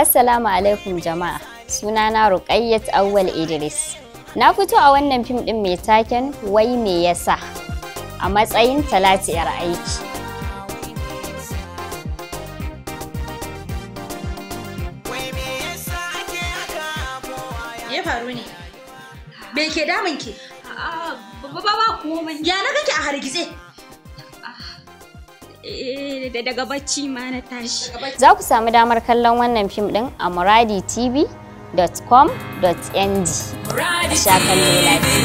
Assalamu alaikum jama'a. Sunana Ruqayyat Awwal Idris. Na fito a wannan fim din mai taken Wai me yasa a matsayin talatiyar aiki. Ya faru ne. Me ke damun ki? Ba ba komai. Ya na kake a hargitse? Eh, da daga bacci ma na tashi. Za ku samu damar kallon wannan fim ɗin a muraditv.com.ng. Muradi TV.